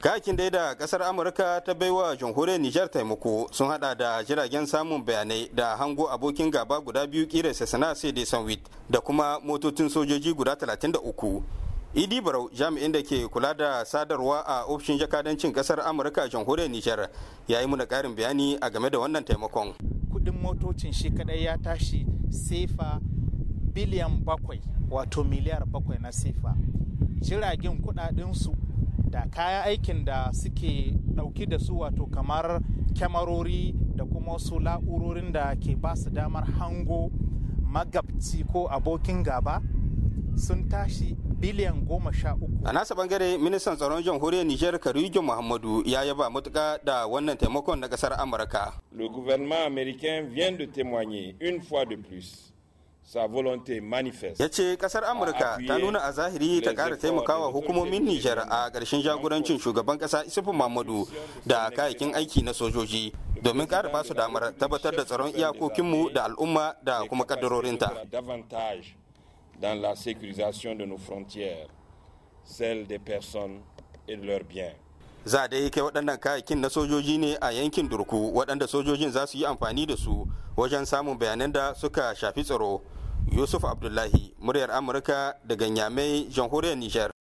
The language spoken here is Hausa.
kayakin dai da kasar amurka ta baiwa jamhuriyar nijar taimako sun hada da jiragen samun bayanai da hango abokin gaba guda biyu kira sassana sai dai sanwit da kuma motocin sojoji guda 33 idi barau jami'in da ke kula da sadarwa a ofishin jakadancin kasar amurka jamhuriyar nijar ya yi muna karin bayani a game da wannan taimakon kudin motocin shi kadai ya tashi sefa biliyan bakwai wato miliyar bakwai na sefa jiragen kudaden da kayan aikin da suke ɗauki da su wato kamar kyamarori da kuma wasu la'urorin da ke ba su damar hango magabci ko abokin gaba sun tashi biliyan goma sha uku. A nasa bangare ministan tsaron jamhuriyar Nijar Karijo Muhammadu ya yaba matuka da wannan taimakon na kasar Amurka. Le gouvernement américain vient de témoigner une fois de plus sa volonté Ya ce kasar Amurka ta nuna a zahiri ta ƙara taimakawa hukumomin Nijar a ƙarshen jagorancin shugaban ƙasa Isufu Mahmudu da kayakin aiki na sojoji domin ƙara ba su damar tabbatar da tsaron iyakokinmu da al'umma da kuma ƙaddarorinta. dans la sécurisation de nos frontières, des personnes et de leurs biens. za da kai waɗannan kayakin na sojoji ne a yankin durku waɗanda sojojin za su yi amfani da su wajen samun bayanan da suka shafi tsaro yusuf abdullahi muryar amurka daga nyamai jamhuriyar nijar